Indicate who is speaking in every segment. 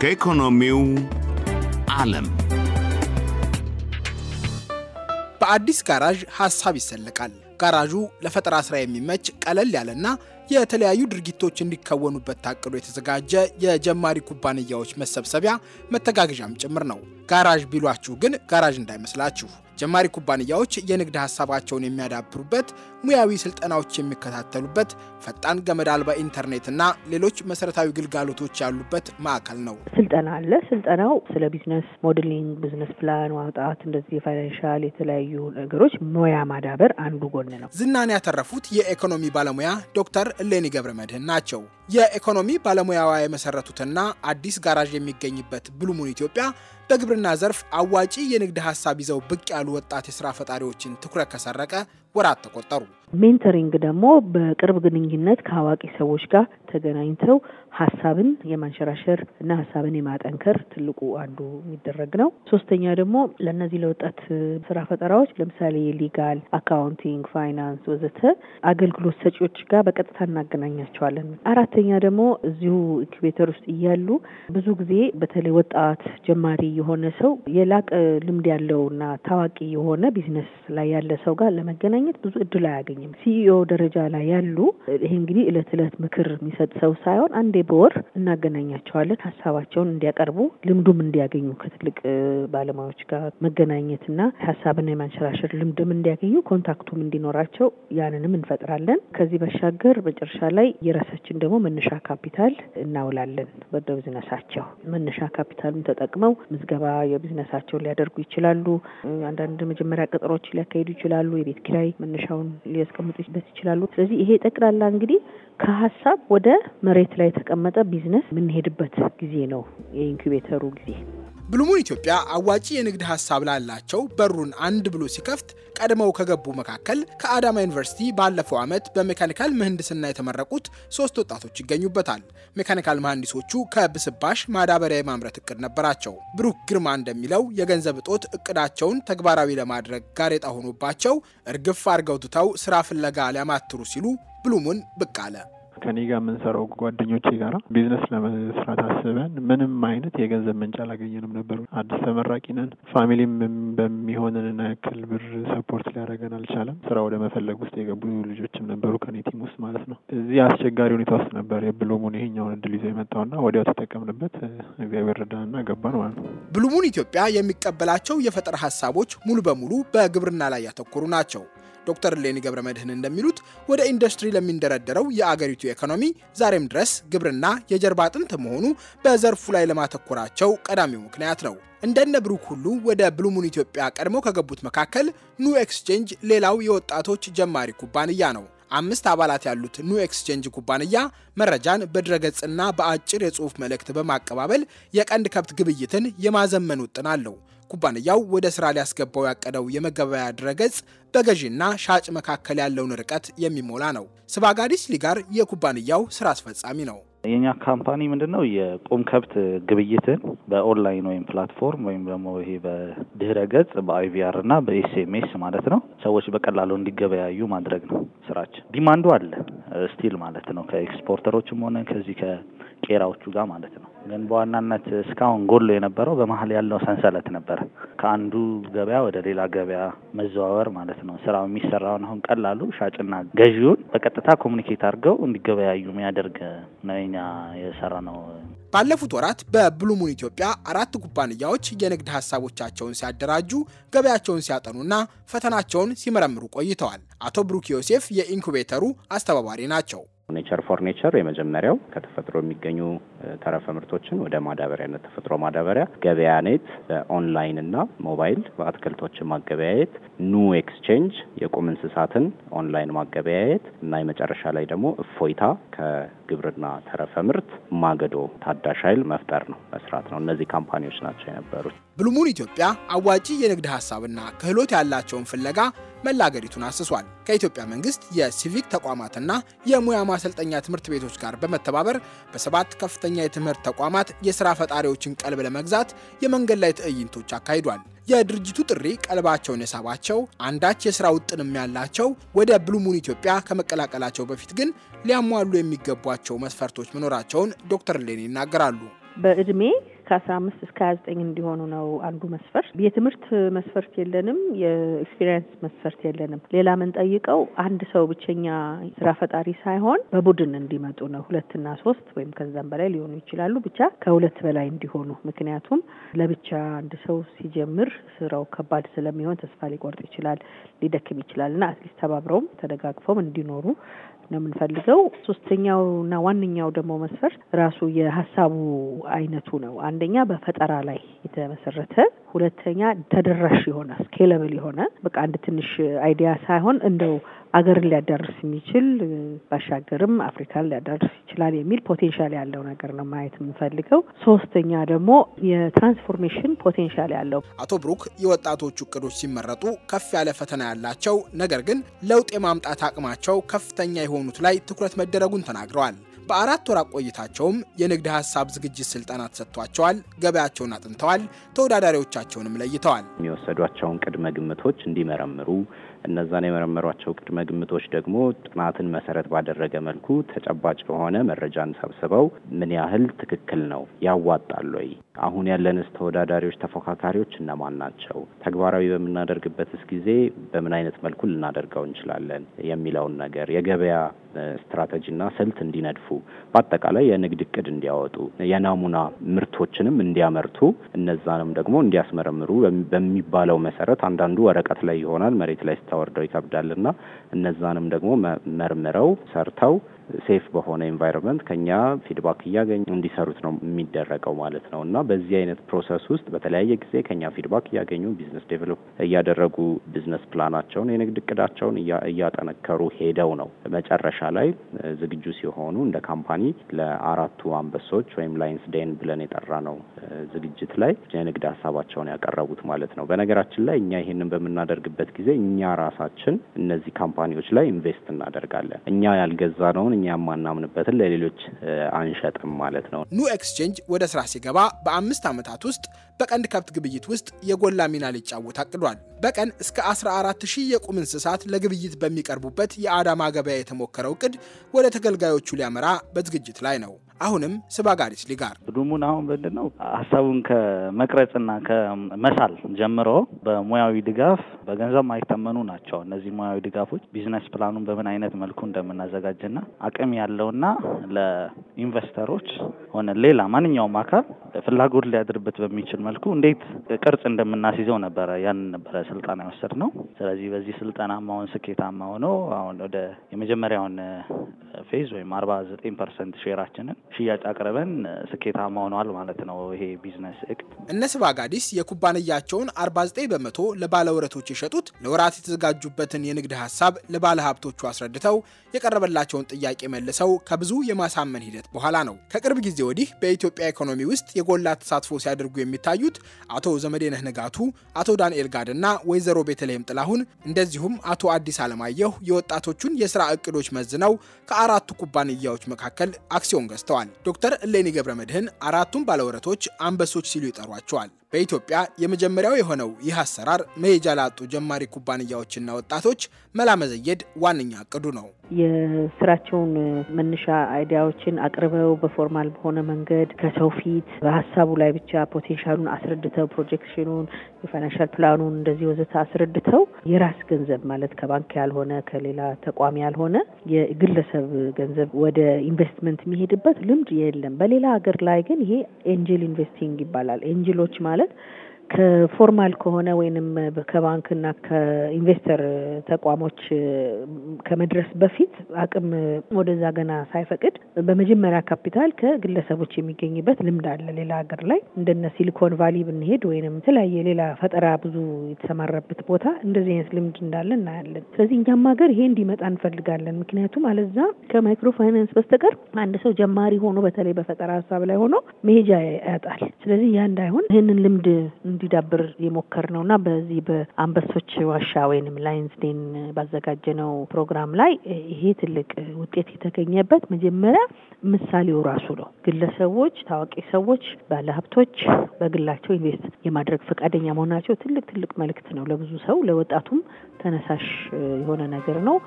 Speaker 1: ከኢኮኖሚው ዓለም በአዲስ ጋራዥ ሐሳብ ይሰለቃል። ጋራዡ ለፈጠራ ሥራ የሚመች ቀለል ያለና የተለያዩ ድርጊቶች እንዲከወኑበት ታቅዶ የተዘጋጀ የጀማሪ ኩባንያዎች መሰብሰቢያ መተጋገዣም ጭምር ነው። ጋራዥ ቢሏችሁ ግን ጋራዥ እንዳይመስላችሁ። ጀማሪ ኩባንያዎች የንግድ ሀሳባቸውን የሚያዳብሩበት፣ ሙያዊ ስልጠናዎች የሚከታተሉበት፣ ፈጣን ገመድ አልባ ኢንተርኔት እና ሌሎች መሰረታዊ ግልጋሎቶች ያሉበት ማዕከል ነው።
Speaker 2: ስልጠና አለ። ስልጠናው ስለ ቢዝነስ ሞዴሊንግ፣ ቢዝነስ ፕላን ማውጣት፣ እንደዚህ የፋይናንሻል የተለያዩ ነገሮች ሙያ ማዳበር አንዱ ጎን ነው።
Speaker 1: ዝናን ያተረፉት የኢኮኖሚ ባለሙያ ዶክተር እሌኒ ገብረ መድህን ናቸው። የኢኮኖሚ ባለሙያዋ የመሰረቱትና አዲስ ጋራዥ የሚገኝበት ብሉሙን ኢትዮጵያ በግብርና ዘርፍ አዋጪ የንግድ ሀሳብ ይዘው ብቅ ያሉ ወጣት የስራ ፈጣሪዎችን ትኩረት ከሰረቀ ወራት ተቆጠሩ።
Speaker 2: ሜንተሪንግ ደግሞ በቅርብ ግንኙነት ከአዋቂ ሰዎች ጋር ተገናኝተው ሀሳብን የማንሸራሸር እና ሀሳብን የማጠንከር ትልቁ አንዱ የሚደረግ ነው። ሶስተኛ ደግሞ ለእነዚህ ለወጣት ስራ ፈጠራዎች ለምሳሌ ሊጋል፣ አካውንቲንግ፣ ፋይናንስ ወዘተ አገልግሎት ሰጪዎች ጋር በቀጥታ እናገናኛቸዋለን። አራተኛ ደግሞ እዚሁ ኢንኩቤተር ውስጥ እያሉ ብዙ ጊዜ በተለይ ወጣት ጀማሪ የሆነ ሰው የላቀ ልምድ ያለውና ታዋቂ የሆነ ቢዝነስ ላይ ያለ ሰው ጋር ለመገናኘት ብዙ እድል አያገኝም። አይመስለኝም። ሲኢኦ ደረጃ ላይ ያሉ ይሄ እንግዲህ እለት እለት ምክር የሚሰጥ ሰው ሳይሆን አንዴ በወር እናገናኛቸዋለን። ሀሳባቸውን እንዲያቀርቡ ልምዱም እንዲያገኙ ከትልቅ ባለሙያዎች ጋር መገናኘትና ሀሳብን የማንሸራሸር ልምድም እንዲያገኙ ኮንታክቱም እንዲኖራቸው ያንንም እንፈጥራለን። ከዚህ በሻገር መጨረሻ ላይ የራሳችን ደግሞ መነሻ ካፒታል እናውላለን። ወደ መነሻ ካፒታሉን ተጠቅመው ምዝገባ የቢዝነሳቸውን ሊያደርጉ ይችላሉ። አንዳንድ መጀመሪያ ቅጥሮች ሊያካሂዱ ይችላሉ። የቤት ኪራይ መነሻውን ሊያስቀምጡ ይችላሉ። ስለዚህ ይሄ ጠቅላላ እንግዲህ ከሀሳብ ወደ መሬት ላይ የተቀመጠ ቢዝነስ የምንሄድበት ጊዜ ነው የኢንኩቤተሩ ጊዜ።
Speaker 1: ብሉሙን ኢትዮጵያ አዋጪ የንግድ ሀሳብ ላላቸው በሩን አንድ ብሎ ሲከፍት ቀድመው ከገቡ መካከል ከአዳማ ዩኒቨርሲቲ ባለፈው ዓመት በሜካኒካል ምህንድስና የተመረቁት ሶስት ወጣቶች ይገኙበታል። ሜካኒካል መሐንዲሶቹ ከብስባሽ ማዳበሪያ የማምረት እቅድ ነበራቸው። ብሩክ ግርማ እንደሚለው የገንዘብ እጦት እቅዳቸውን ተግባራዊ ለማድረግ ጋሬጣ ሆኖባቸው እርግፍ አድርገው ትተው ስራ ፍለጋ ሊያማትሩ ሲሉ ብሉሙን ብቅ አለ።
Speaker 3: ከኔ ጋር የምንሰራው ጓደኞቼ ጋራ ቢዝነስ ለመስራት አስበን ምንም አይነት የገንዘብ ምንጭ አላገኘንም ነበር። አዲስ ተመራቂ ነን። ፋሚሊም በሚሆንንና ያክል ብር ሰፖርት ሊያደርገን አልቻለም። ስራ ወደ መፈለግ ውስጥ የገቡ ልጆችም ነበሩ ከኔ ቲም ውስጥ ማለት ነው። እዚህ አስቸጋሪ ሁኔታ ውስጥ ነበር የብሉሙን ይሄኛውን እድል ይዞ የመጣውና ወዲያው ተጠቀምንበት። እግዚአብሔር ረዳንና ገባን ማለት ነው።
Speaker 1: ብሉሙን ኢትዮጵያ የሚቀበላቸው የፈጠራ ሀሳቦች ሙሉ በሙሉ በግብርና ላይ ያተኮሩ ናቸው። ዶክተር ሌኒ ገብረ መድህን እንደሚሉት ወደ ኢንዱስትሪ ለሚንደረደረው የአገሪቱ ኢኮኖሚ ዛሬም ድረስ ግብርና የጀርባ አጥንት መሆኑ በዘርፉ ላይ ለማተኮራቸው ቀዳሚው ምክንያት ነው። እንደነ ብሩክ ሁሉ ወደ ብሉሙን ኢትዮጵያ ቀድመው ከገቡት መካከል ኑ ኤክስቼንጅ ሌላው የወጣቶች ጀማሪ ኩባንያ ነው። አምስት አባላት ያሉት ኑ ኤክስቼንጅ ኩባንያ መረጃን በድረገጽና በአጭር የጽሑፍ መልእክት በማቀባበል የቀንድ ከብት ግብይትን የማዘመን ውጥን አለው። ኩባንያው ወደ ስራ ሊያስገባው ያቀደው የመገበያ ድረገጽ በገዢና ሻጭ መካከል ያለውን ርቀት የሚሞላ ነው። ስባጋዲስ ሊጋር የኩባንያው ስራ አስፈጻሚ ነው።
Speaker 4: የኛ ካምፓኒ ምንድን ነው? የቁም ከብት ግብይትን በኦንላይን ወይም ፕላትፎርም ወይም ደግሞ ይሄ በድህረ ገጽ በአይቪአር እና በኤስኤምኤስ ማለት ነው ሰዎች በቀላሉ እንዲገበያዩ ማድረግ ነው ስራችን። ዲማንዱ አለ ስቲል ማለት ነው ከኤክስፖርተሮችም ሆነ ከዚህ ቄራዎቹ ጋር ማለት ነው። ግን በዋናነት እስካሁን ጎሎ የነበረው በመሀል ያለው ሰንሰለት ነበረ። ከአንዱ ገበያ ወደ ሌላ ገበያ መዘዋወር ማለት ነው። ስራው የሚሰራውን አሁን ቀላሉ ሻጭና ገዢውን በቀጥታ ኮሚኒኬት አድርገው እንዲገበያዩ የሚያደርግ ነው የኛ የሰራ ነው።
Speaker 1: ባለፉት ወራት በብሉሙን ኢትዮጵያ አራት ኩባንያዎች የንግድ ሀሳቦቻቸውን ሲያደራጁ ገበያቸውን ሲያጠኑና ፈተናቸውን ሲመረምሩ ቆይተዋል። አቶ ብሩክ ዮሴፍ የኢንኩቤተሩ አስተባባሪ ናቸው።
Speaker 5: ኔቸር ፎር ኔቸር የመጀመሪያው ከተፈጥሮ የሚገኙ ተረፈ ምርቶችን ወደ ማዳበሪያነት ተፈጥሮ ማዳበሪያ ገበያ ኔት በኦንላይን እና ሞባይል በአትክልቶችን ማገበያየት፣ ኑ ኤክስቼንጅ የቁም እንስሳትን ኦንላይን ማገበያየት እና የመጨረሻ ላይ ደግሞ እፎይታ ከግብርና ተረፈ ምርት ማገዶ ታዳሽ ኃይል መፍጠር ነው መስራት ነው። እነዚህ ካምፓኒዎች ናቸው የነበሩት።
Speaker 1: ብሉሙን ኢትዮጵያ አዋጪ የንግድ ሀሳብና ክህሎት ያላቸውን ፍለጋ መላገሪቱን አስሷል። ከኢትዮጵያ መንግስት የሲቪክ ተቋማትና የሙያ ማሰልጠኛ ትምህርት ቤቶች ጋር በመተባበር በሰባት ከፍተኛ የትምህርት ተቋማት የስራ ፈጣሪዎችን ቀልብ ለመግዛት የመንገድ ላይ ትዕይንቶች አካሂዷል። የድርጅቱ ጥሪ ቀልባቸውን የሳባቸው አንዳች የስራ ውጥንም ያላቸው ወደ ብሉሙን ኢትዮጵያ ከመቀላቀላቸው በፊት ግን ሊያሟሉ የሚገቧቸው መስፈርቶች መኖራቸውን ዶክተር ሌኒ ይናገራሉ።
Speaker 2: በእድሜ ከአስራ አምስት እስከ ሀያ ዘጠኝ እንዲሆኑ ነው አንዱ መስፈርት። የትምህርት መስፈርት የለንም። የኤክስፒሪየንስ መስፈርት የለንም። ሌላ የምንጠይቀው አንድ ሰው ብቸኛ ስራ ፈጣሪ ሳይሆን በቡድን እንዲመጡ ነው። ሁለትና ሶስት ወይም ከዛም በላይ ሊሆኑ ይችላሉ። ብቻ ከሁለት በላይ እንዲሆኑ ምክንያቱም ለብቻ አንድ ሰው ሲጀምር ስራው ከባድ ስለሚሆን ተስፋ ሊቆርጥ ይችላል፣ ሊደክም ይችላል እና አትሊስት ተባብረውም ተደጋግፈውም እንዲኖሩ ነው የምንፈልገው። ሶስተኛውና ዋነኛው ደግሞ መስፈርት ራሱ የሀሳቡ አይነቱ ነው። አንደኛ በፈጠራ ላይ የተመሰረተ፣ ሁለተኛ ተደራሽ የሆነ ስኬለብል የሆነ በቃ አንድ ትንሽ አይዲያ ሳይሆን እንደው አገርን ሊያዳርስ የሚችል ባሻገርም አፍሪካን ሊያዳርስ ይችላል የሚል ፖቴንሻል ያለው ነገር ነው ማየት የምፈልገው። ሶስተኛ ደግሞ የትራንስፎርሜሽን ፖቴንሻል ያለው።
Speaker 1: አቶ ብሩክ የወጣቶቹ እቅዶች ሲመረጡ ከፍ ያለ ፈተና ያላቸው ነገር ግን ለውጥ የማምጣት አቅማቸው ከፍተኛ የሆኑት ላይ ትኩረት መደረጉን ተናግረዋል። በአራት ወራት ቆይታቸውም የንግድ ሀሳብ ዝግጅት ስልጠና ተሰጥቷቸዋል። ገበያቸውን አጥንተዋል። ተወዳዳሪዎቻቸውንም ለይተዋል።
Speaker 5: የሚወሰዷቸውን ቅድመ ግምቶች እንዲመረምሩ እነዛን የመረመሯቸው ቅድመ ግምቶች ደግሞ ጥናትን መሰረት ባደረገ መልኩ ተጨባጭ የሆነ መረጃን ሰብስበው ምን ያህል ትክክል ነው፣ ያዋጣል ወይ፣ አሁን ያለንስ ተወዳዳሪዎች፣ ተፎካካሪዎች እነማን ናቸው፣ ተግባራዊ በምናደርግበትስ ጊዜ በምን አይነት መልኩ ልናደርገው እንችላለን የሚለውን ነገር የገበያ ስትራቴጂና ስልት እንዲነድፉ፣ በአጠቃላይ የንግድ እቅድ እንዲያወጡ፣ የናሙና ምርቶችንም እንዲያመርቱ፣ እነዛንም ደግሞ እንዲያስመረምሩ በሚባለው መሰረት አንዳንዱ ወረቀት ላይ ይሆናል፣ መሬት ላይ ስታወርደው ይከብዳልና እነዛንም ደግሞ መርምረው ሰርተው ሴፍ በሆነ ኤንቫይሮንመንት ከኛ ፊድባክ እያገኙ እንዲሰሩት ነው የሚደረገው ማለት ነው እና በዚህ አይነት ፕሮሰስ ውስጥ በተለያየ ጊዜ ከኛ ፊድባክ እያገኙ ቢዝነስ ዴቨሎፕ እያደረጉ ቢዝነስ ፕላናቸውን የንግድ እቅዳቸውን እያጠነከሩ ሄደው ነው መጨረሻ ላይ ዝግጁ ሲሆኑ እንደ ካምፓኒ ለአራቱ አንበሶች ወይም ላይንስ ዴን ብለን የጠራ ነው ዝግጅት ላይ የንግድ ሀሳባቸውን ያቀረቡት ማለት ነው። በነገራችን ላይ እኛ ይሄንን በምናደርግበት ጊዜ እኛ ራሳችን እነዚህ ካምፓኒዎች ላይ ኢንቨስት እናደርጋለን። እኛ ያልገዛ ነውን ሳይሆን እኛ የማናምንበትን ለሌሎች አንሸጥም ማለት ነው። ኑ ኤክስቼንጅ ወደ ስራ ሲገባ በአምስት ዓመታት ውስጥ
Speaker 1: በቀንድ ከብት ግብይት ውስጥ የጎላ ሚና ሊጫወት አቅዷል። በቀን እስከ 14 የቁም እንስሳት ለግብይት በሚቀርቡበት የአዳማ ገበያ የተሞከረው እቅድ ወደ ተገልጋዮቹ ሊያመራ በዝግጅት ላይ ነው። አሁንም ስባጋሪስ ሊጋር
Speaker 4: ድሙን አሁን ምንድን ነው ሀሳቡን ከመቅረጽና ከመሳል ጀምሮ በሙያዊ ድጋፍ በገንዘብ ማይተመኑ ናቸው። እነዚህ ሙያዊ ድጋፎች ቢዝነስ ፕላኑን በምን አይነት መልኩ እንደምናዘጋጅና አቅም ያለውና ለኢንቨስተሮች ሆነ ሌላ ማንኛውም አካል ፍላጎት ሊያድርበት በሚችል መልኩ እንዴት ቅርጽ እንደምናስይዘው ነበረ ያንን ነበረ ስልጠና የወሰድ ነው። ስለዚህ በዚህ ስልጠና አሁን ስኬታማ ሆኖ አሁን ወደ የመጀመሪያውን ፌዝ ወይም አርባ ዘጠኝ ፐርሰንት
Speaker 1: ሼራችንን ሽያጭ አቅርበን ስኬታማ ሆነዋል ማለት ነው። ይሄ ቢዝነስ እቅድ እነስባጋዲስ የኩባንያቸውን 49 በመቶ ለባለውረቶች የሸጡት ለወራት የተዘጋጁበትን የንግድ ሀሳብ ለባለ ሀብቶቹ አስረድተው የቀረበላቸውን ጥያቄ መልሰው ከብዙ የማሳመን ሂደት በኋላ ነው። ከቅርብ ጊዜ ወዲህ በኢትዮጵያ ኢኮኖሚ ውስጥ የጎላ ተሳትፎ ሲያደርጉ የሚታዩት አቶ ዘመዴነህ ንጋቱ፣ አቶ ዳንኤል ጋድ እና ወይዘሮ ቤተልሔም ጥላሁን እንደዚሁም አቶ አዲስ አለማየሁ የወጣቶቹን የስራ እቅዶች መዝነው ከአራቱ ኩባንያዎች መካከል አክሲዮን ገዝተዋል። ተሰጥተዋል። ዶክተር እሌኒ ገብረ መድህን አራቱም ባለወረቶች አንበሶች ሲሉ ይጠሯቸዋል። በኢትዮጵያ የመጀመሪያው የሆነው ይህ አሰራር መሄጃ ላጡ ጀማሪ ኩባንያዎችና ወጣቶች መላ መዘየድ ዋነኛ እቅዱ ነው።
Speaker 2: የስራቸውን መነሻ አይዲያዎችን አቅርበው በፎርማል በሆነ መንገድ ከሰው ፊት በሀሳቡ ላይ ብቻ ፖቴንሻሉን አስረድተው ፕሮጀክሽኑን፣ የፋይናንሻል ፕላኑን እንደዚህ ወዘተ አስረድተው የራስ ገንዘብ ማለት ከባንክ ያልሆነ ከሌላ ተቋም ያልሆነ የግለሰብ ገንዘብ ወደ ኢንቨስትመንት የሚሄድበት ልምድ የለም። በሌላ ሀገር ላይ ግን ይሄ ኤንጀል ኢንቨስቲንግ ይባላል። ኤንጅሎች ማለት it ከፎርማል ከሆነ ወይንም ከባንክና ከኢንቨስተር ተቋሞች ከመድረስ በፊት አቅም ወደዛ ገና ሳይፈቅድ በመጀመሪያ ካፒታል ከግለሰቦች የሚገኝበት ልምድ አለ። ሌላ ሀገር ላይ እንደነ ሲሊኮን ቫሊ ብንሄድ ወይንም የተለያየ ሌላ ፈጠራ ብዙ የተሰማራበት ቦታ እንደዚህ አይነት ልምድ እንዳለ እናያለን። ስለዚህ እኛም ሀገር ይሄ እንዲመጣ እንፈልጋለን። ምክንያቱም አለዛ ከማይክሮ ፋይናንስ በስተቀር አንድ ሰው ጀማሪ ሆኖ በተለይ በፈጠራ ሀሳብ ላይ ሆኖ መሄጃ ያጣል። ስለዚህ ያ እንዳይሆን ይህንን ልምድ ሊዳብር የሞከር ነው እና በዚህ በአንበሶች ዋሻ ወይንም ላይንስ ዴን ባዘጋጀነው ፕሮግራም ላይ ይሄ ትልቅ ውጤት የተገኘበት መጀመሪያ ምሳሌው ራሱ ነው። ግለሰቦች፣ ታዋቂ ሰዎች፣ ባለሀብቶች በግላቸው ኢንቨስት የማድረግ ፈቃደኛ መሆናቸው ትልቅ ትልቅ መልእክት ነው ለብዙ ሰው፣ ለወጣቱም ተነሳሽ የሆነ ነገር ነው።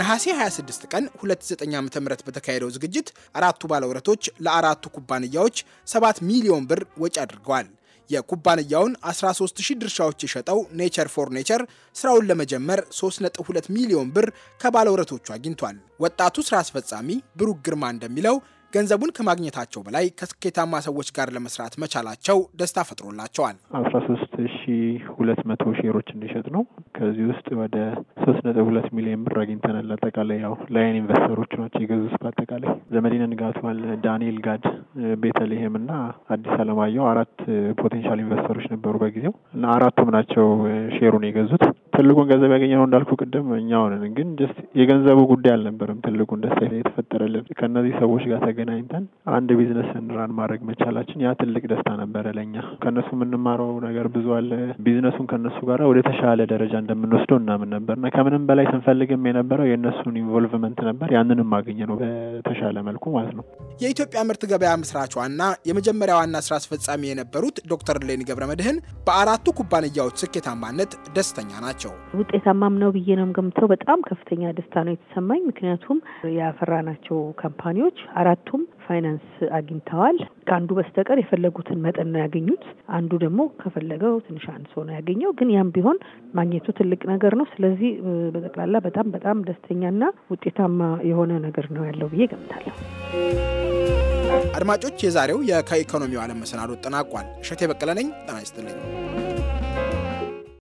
Speaker 1: ነሐሴ 26 ቀን 29 ዓ ም በተካሄደው ዝግጅት አራቱ ባለውረቶች ለአራቱ ኩባንያዎች 7 ሚሊዮን ብር ወጪ አድርገዋል። የኩባንያውን 13000 ድርሻዎች የሸጠው ኔቸር ፎር ኔቸር ስራውን ለመጀመር 3.2 ሚሊዮን ብር ከባለውረቶቹ አግኝቷል። ወጣቱ ስራ አስፈጻሚ ብሩክ ግርማ እንደሚለው ገንዘቡን ከማግኘታቸው በላይ ከስኬታማ ሰዎች ጋር ለመስራት መቻላቸው ደስታ
Speaker 3: ፈጥሮላቸዋል። አስራ ሶስት ሺ ሁለት መቶ ሼሮች እንዲሸጥ ነው። ከዚህ ውስጥ ወደ ሶስት ነጥብ ሁለት ሚሊዮን ብር አግኝተናል። አጠቃላይ ያው ላይን ኢንቨስተሮች ናቸው የገዙት። በአጠቃላይ ዘመዲነ ንጋቱ አለ፣ ዳንኤል ጋድ፣ ቤተልሔም እና አዲስ አለማየሁ አራት ፖቴንሻል ኢንቨስተሮች ነበሩ በጊዜው እና አራቱም ናቸው ሼሩን የገዙት። ትልቁን ገንዘብ ያገኘነው እንዳልኩ ቅድም እኛ ነን። ግን ጀስት የገንዘቡ ጉዳይ አልነበረም ትልቁን ደስታ የተፈጠረልን ከእነዚህ ሰዎች ጋር ተገናኝተን አንድ ቢዝነስ እንራን ማድረግ መቻላችን ያ ትልቅ ደስታ ነበረ ለእኛ። ከእነሱ የምንማረው ነገር ብዙ አለ። ቢዝነሱን ከእነሱ ጋር ወደ ተሻለ ደረጃ እንደምንወስደው እናምን እና ከምንም በላይ ስንፈልግም የነበረው የእነሱን ኢንቮልቭመንት ነበር። ያንንም አገኘ ነው በተሻለ መልኩ ማለት ነው።
Speaker 1: የኢትዮጵያ ምርት ገበያ ምስራቿና የመጀመሪያ ዋና ስራ አስፈጻሚ የነበሩት ዶክተር ሌኒ ገብረ መድህን በአራቱ ኩባንያዎች ስኬታማነት ደስተኛ ናቸው።
Speaker 2: ናቸው። ውጤታማም ነው ብዬ ነው ገምተው በጣም ከፍተኛ ደስታ ነው የተሰማኝ። ምክንያቱም ያፈራናቸው ካምፓኒዎች አራቱም ፋይናንስ አግኝተዋል። ከአንዱ በስተቀር የፈለጉትን መጠን ነው ያገኙት። አንዱ ደግሞ ከፈለገው ትንሽ አንሶ ነው ያገኘው። ግን ያም ቢሆን ማግኘቱ ትልቅ ነገር ነው። ስለዚህ በጠቅላላ በጣም በጣም ደስተኛና ውጤታማ የሆነ ነገር ነው ያለው ብዬ ገምታለሁ።
Speaker 1: አድማጮች፣ የዛሬው የከኢኮኖሚው ዓለም መሰናዶ ጠናቋል። እሸቴ በቀለ ነኝ። ጤና ይስጥልኝ።